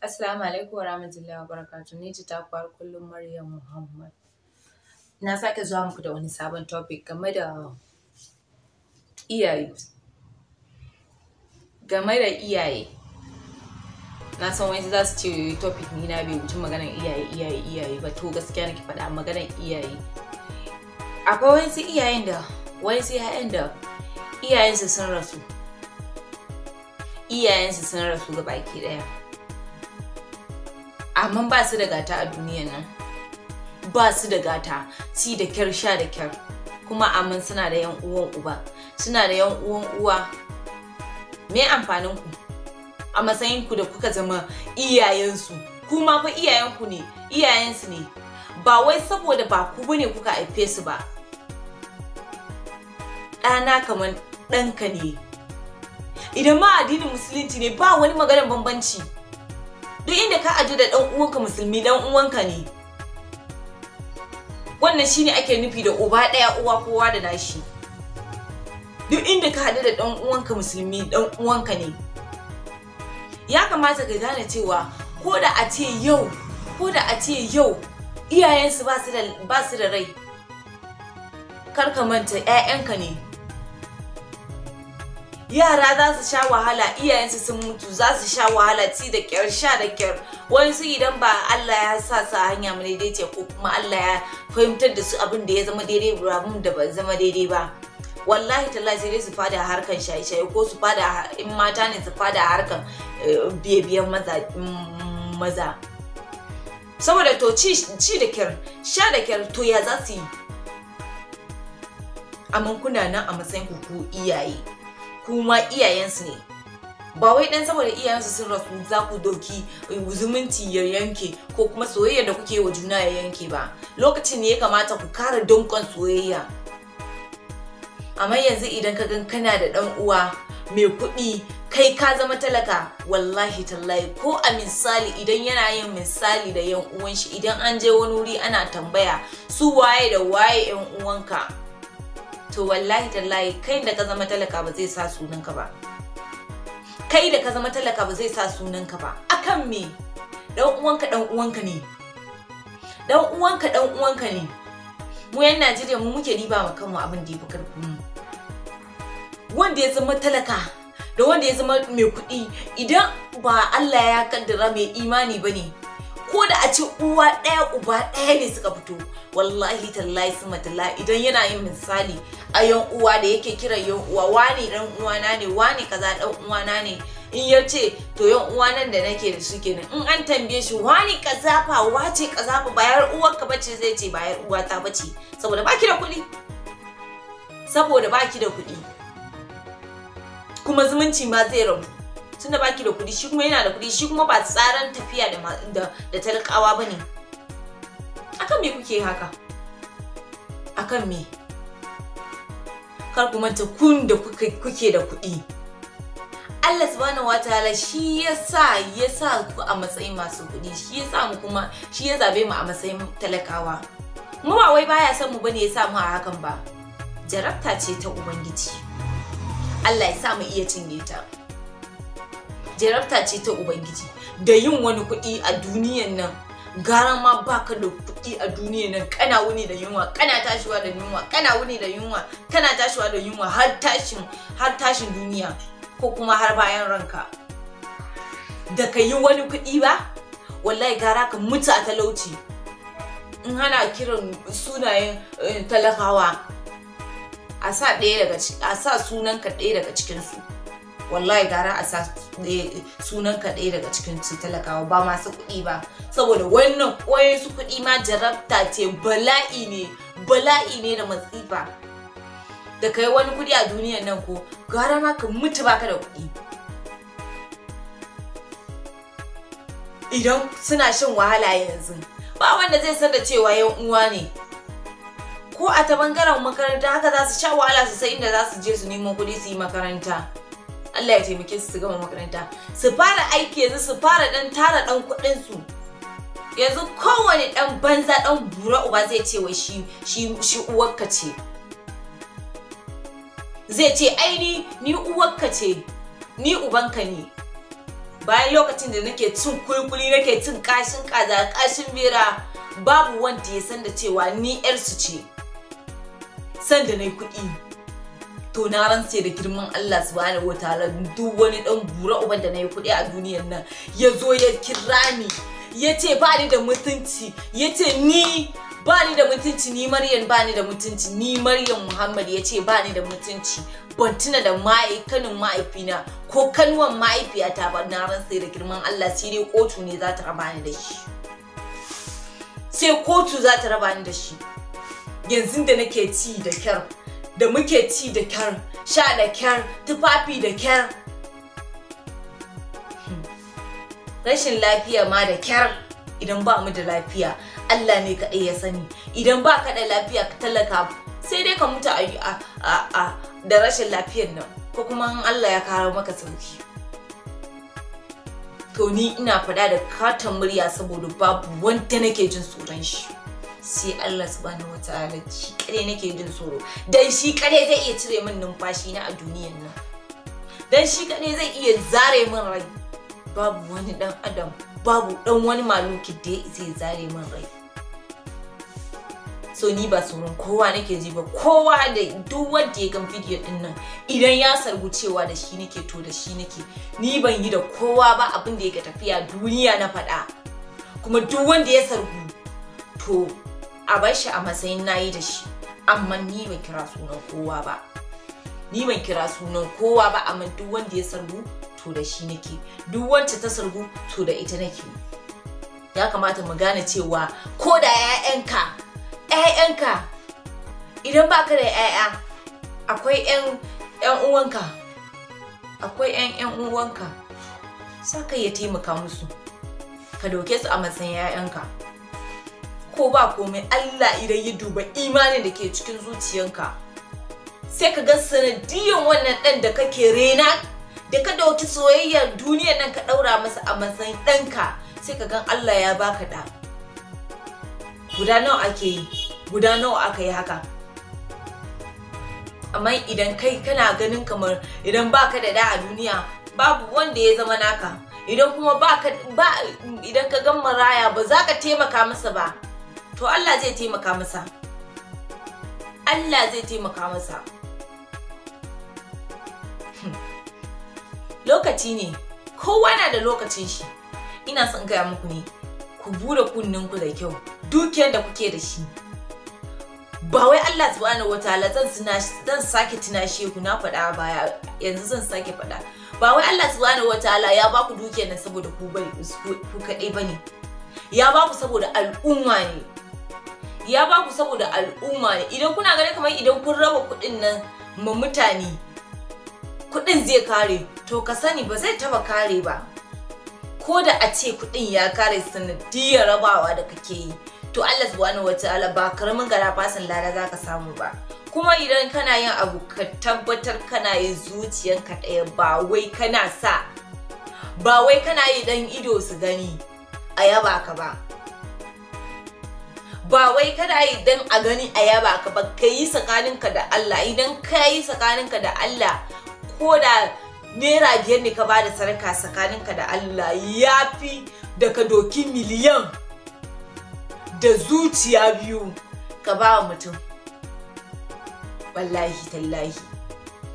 Assalamu alaikum warahmatullahi wabarakatuh ni ce ta kwar kullum Maryam Muhammad. Na sake zuwa muku da wani sabon topic game da iyaye. Game da iyaye. Na san wani za su ce topic ni na bai wuce maganar iyaye iyaye iyaye ba to gaskiya nake faɗa maganar iyaye. Akwai wasu iyayen da wasu ƴaƴan da iyayensu sun rasu. Iyayensu sun rasu ga baki ɗaya. amma ba su da gata a duniyan nan ba su da gata ci da kyar sha da kyar kuma amma suna da yan uwan uba suna da yan uwan uwa me amfanin ku a matsayin ku da kuka zama iyayen su kuma fa ku ne iyayen su ne ba wai saboda ba ku bane kuka haife su ba ɗana kamar ɗanka ne idan ma addinin musulunci ne ba wani maganar bambanci duk inda ka aje da dan uwanka musulmi dan uwanka ne wannan shine ake nufi da uba daya uwa kowa da nashi duk inda ka haɗu da dan uwanka musulmi dan uwanka ne ya kamata ka gane cewa ko da a ce yau ko da a ce yau iyayensu ba su da rai kar ka manta 'ya'yanka ne yara za su sha wahala iyayensu sun mutu za su sha wahala ci da kyar sha da kyar wani su idan ba Allah ya sa su hanya mu daidai ce ko kuma Allah ya fahimtar da su abin da ya zama daidai abin da ba zama daidai ba wallahi tallahi sai dai su fada harkan shaye-shaye ko su fada in mata ne su fada harkan eh, biye maza mm, maza saboda to ci da kyar sha da kyar to ya za su yi amma kuna nan a matsayin ku iyaye kuma iyayensu ne ba wai dan saboda iyayensu sun rasu za ku doki eh, zumunci ya yanke ko kuma soyayya da kuke wa juna ya yanke ba lokacin ne ya kamata ku kara donkon soyayya amma yanzu idan ka gan kana da dan uwa mai kuɗi kai ka zama talaka wallahi tallahi ko a misali idan yana yin misali da yan uwanshi idan an je wani wuri ana tambaya su waye da waye yan uwanka to wallahi tallahi kai da ka zama talaka ba zai sa sunanka ba kai da ka zama talaka ba zai sa sunanka ba akan me dan uwanka dan uwanka ne dan uwanka dan uwanka ne mu yan Najeriya mu muke riba ma kanmu abin da yafi karfin mu wanda ya zama talaka da wanda ya zama mai kuɗi idan ba Allah ya kaddara mai imani bane ko da a ce uwa ɗaya uba ɗaya ne suka fito wallahi tallahi suma tallahi idan yana yin misali a yan uwa da yake kiran yan uwa wani dan na ne wani kaza dan na ne in ya ce to yan uwa nan da nake da su kenan in an tambaye shi wani kazafa wace kazafa bayar ka bace zai ce bayar uwa ta bace saboda baki da kuɗi saboda baki da kuɗi kuma zumunci ma zai rabu tunda baki da kudi shi kuma yana da kuɗi shi kuma ba tsaran tafiya da da talakawa bane akan me kuke haka akan me kar ku manta kun da kuke da kuɗi Allah subhanahu wataala shi yasa yasa ku a matsayin masu kuɗi shi yasa mu kuma shi ya zabe mu a matsayin talakawa mu ba wai baya son mu bane ya sa mu a hakan ba jarabta ce ta ubangiji Allah ya sa mu iya cinye ta jarabta ce ta ubangiji da yin wani kuɗi a duniyan nan gara ma baka da kuɗi a duniyan nan kana wuni da yunwa kana tashiwa da yunwa kana wuni da yunwa kana tashiwa da yunwa har tashin har tashin duniya ko kuma har bayan ranka da ka yi wani kuɗi ba wallahi gara ka mutu a talauci in hana kiran sunayen eh, talakawa a sa sunan ka ɗaya daga cikinsu wallahi gara a sa sunan ka ɗaya daga cikin su talakawa ba masu kuɗi ba saboda wannan ƙoyin su kuɗi ma jarabta ce bala'i ne bala'i ne da matsifa da kai wani kuɗi a duniyan nan ko gara ma ka mutu baka da kuɗi idan suna shan wahala yanzu ba wanda zai san da cewa yan uwa ne ko a ta bangaren makaranta haka za su sha wahala su sai inda za su je su nemo kuɗi su yi makaranta Allah ya taimake su su gama makaranta su fara aiki yanzu su fara dan tara dan kuɗin su yanzu kowane dan banza dan bura uba zai ce wa shi shi shi uwarka ce zai ce ai ni ni uwarka ce ni ubanka ne bayan lokacin da nake cin kulkuli nake cin kashin kaza kashin bera babu wanda ya san da cewa ni yarsu ce san da na kuɗi to na rantse da girman Allah subhanahu ta'ala duk wani dan bura uban da nayi kuɗi a duniyar nan ya zo ya kira ni ya ce ba ni da mutunci ya ce ni ba ni da mutunci ni maryam ba ni da mutunci ni maryam muhammad ya ce ba ni da mutunci ban tuna da ma'aikanin ma'aifina ko kanuwan ma'aifiyata ba na rantse da girman Allah sai dai kotu ne za ta raba ni da shi sai kotu za ta raba ni da shi yanzu da nake ci da kyar da muke ci da kyar sha da kyar tufafi da kyar rashin lafiya ma da kyar idan ba mu da lafiya Allah ne kaɗai ya sani idan ba ka da lafiya ka talaka sai dai ka mutu a da rashin lafiyar nan ko kuma in Allah ya kawo maka sauki to ni ina faɗa da katon murya saboda babu wanda nake jin tsoron shi sai Allah subhanahu wataala shi kare nake jin tsoro dan shi kare zai iya cire min numfashi na a duniyan nan dan shi kare zai iya zare min rai babu wani dan adam babu dan wani maluki da ya zai zare min rai so ni ba tsoron kowa nake ji ba kowa da duk wanda ya gan bidiyo din nan idan ya sargu cewa da shi nake to da shi nake ni ban yi da kowa ba abin da yake tafiya duniya na faɗa kuma duk wanda ya sargu to a bar shi a matsayin na yi da shi amma ni ban kira sunan kowa ba ni ban kira sunan kowa ba amma duk wanda ya sargu to da shi nake duk wacce ta sargu to da ita nake ya kamata mu gane cewa ko da ƴaƴanka ƴaƴanka idan baka da ƴaƴa akwai ƴan ƴan uwanka akwai ƴan ƴan uwanka sa ya taimaka musu ka doke su a matsayin ƴaƴanka. ko ba komai Allah idan ya duba imanin da ke cikin zuciyanka sai ka ga sanadiyan wannan ɗan da kake rena da ka ɗauki soyayyar duniya nan ka ɗaura masa a matsayin ɗanka sai ka gan Allah ya baka ɗa guda nawa ake yi guda nawa aka yi haka amma idan kai kana ganin kamar idan baka da da a duniya babu wanda ya zama naka idan kuma ba idan ka gan maraya ba za ka taimaka masa ba to Allah zai taimaka masa Allah zai taimaka masa hmm. lokaci ne kowa na da lokacin shi ina son gaya muku ne ku bude kunninku da kyau dukiyar da kuke da shi ba wai Allah subhanahu wataala zan zan sake tunashe ku na faɗa a baya yanzu zan sake faɗa ba wai Allah subhanahu wataala ya baku dukiyar nan saboda ku bane ku kaɗai bane ya baku saboda al'umma ne ya ba ku saboda al'umma ne idan kuna gani kamar idan kun raba kuɗin nan ma mutane kuɗin zai kare to ka sani ba zai taba kare ba ko da a ce kuɗin ya kare sanadiyar rabawa da kake yi to Allah subhanahu wataala ba karamin gara fasin lada za ka samu ba kuma idan kana yin abu ka tabbatar kana yin zuciyanka ɗaya ba wai kana sa ba wai kana yi dan ido su gani a yaba ka ba ba wai kada yi dan a gani a yaba ka ba ka yi tsakaninka da Allah idan ka yi tsakaninka da Allah ko da naira biyar ne ka ba da sadaka tsakaninka da Allah ya fi da ka doki miliyan da zuciya biyu ka ba wa mutum wallahi tallahi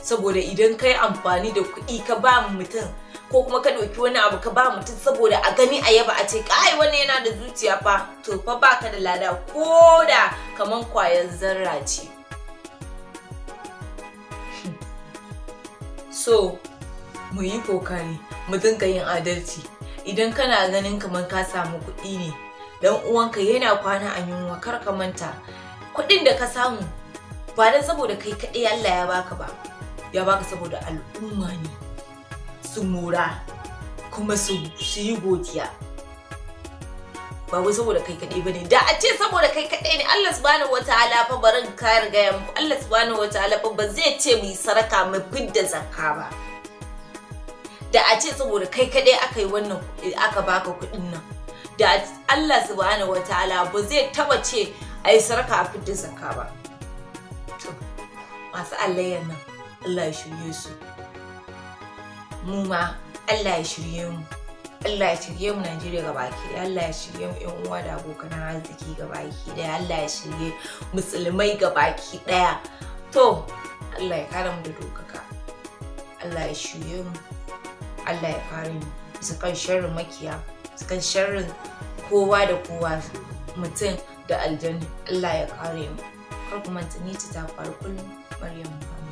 saboda idan ka yi amfani da kuɗi ka ba mutum ko kuma ka ɗauki wani abu ka ba mutum saboda a gani a yaba a ce kai wani yana da zuciya fa to fa baka da lada ko da kaman kwayan zarra ce so mu yi kokari mu dinga yin adalci idan kana ganin kamar ka samu kuɗi ne dan uwanka yana kwana a yunwa kar ka manta kuɗin da ka samu ba dan saboda kai kaɗai Allah ya baka ba ya baka saboda al'umma ne su mura kuma su yi godiya ba wai saboda kai kaɗai bane da a ce saboda kai kaɗai ne Allah subhanahu wataala fa barin ka riga muku Allah subhanahu wataala fa ba zai ce mu yi saraka mu fidda zakka ba da a ce saboda kai kaɗai aka yi wannan aka baka kuɗin nan da Allah subhanahu wataala ba zai taba ce a yi saraka a fidda zakka ba masu allayyan nan Allah ya shirye su mu ma Allah ya shirye mu Allah ya shirye mu Najeriya gabaki daya Allah ya shirye mu yan uwa da abokan arziki gabaki daya Allah ya shirye musulmai gabaki daya to Allah ya kare mu da dokaka Allah ya shirye mu Allah ya kare mu su kan sharrin makiya su kan sharrin kowa da kowa mutum da aljanna Allah ya kare mu kar ku manta ni ta faru kullum Maryam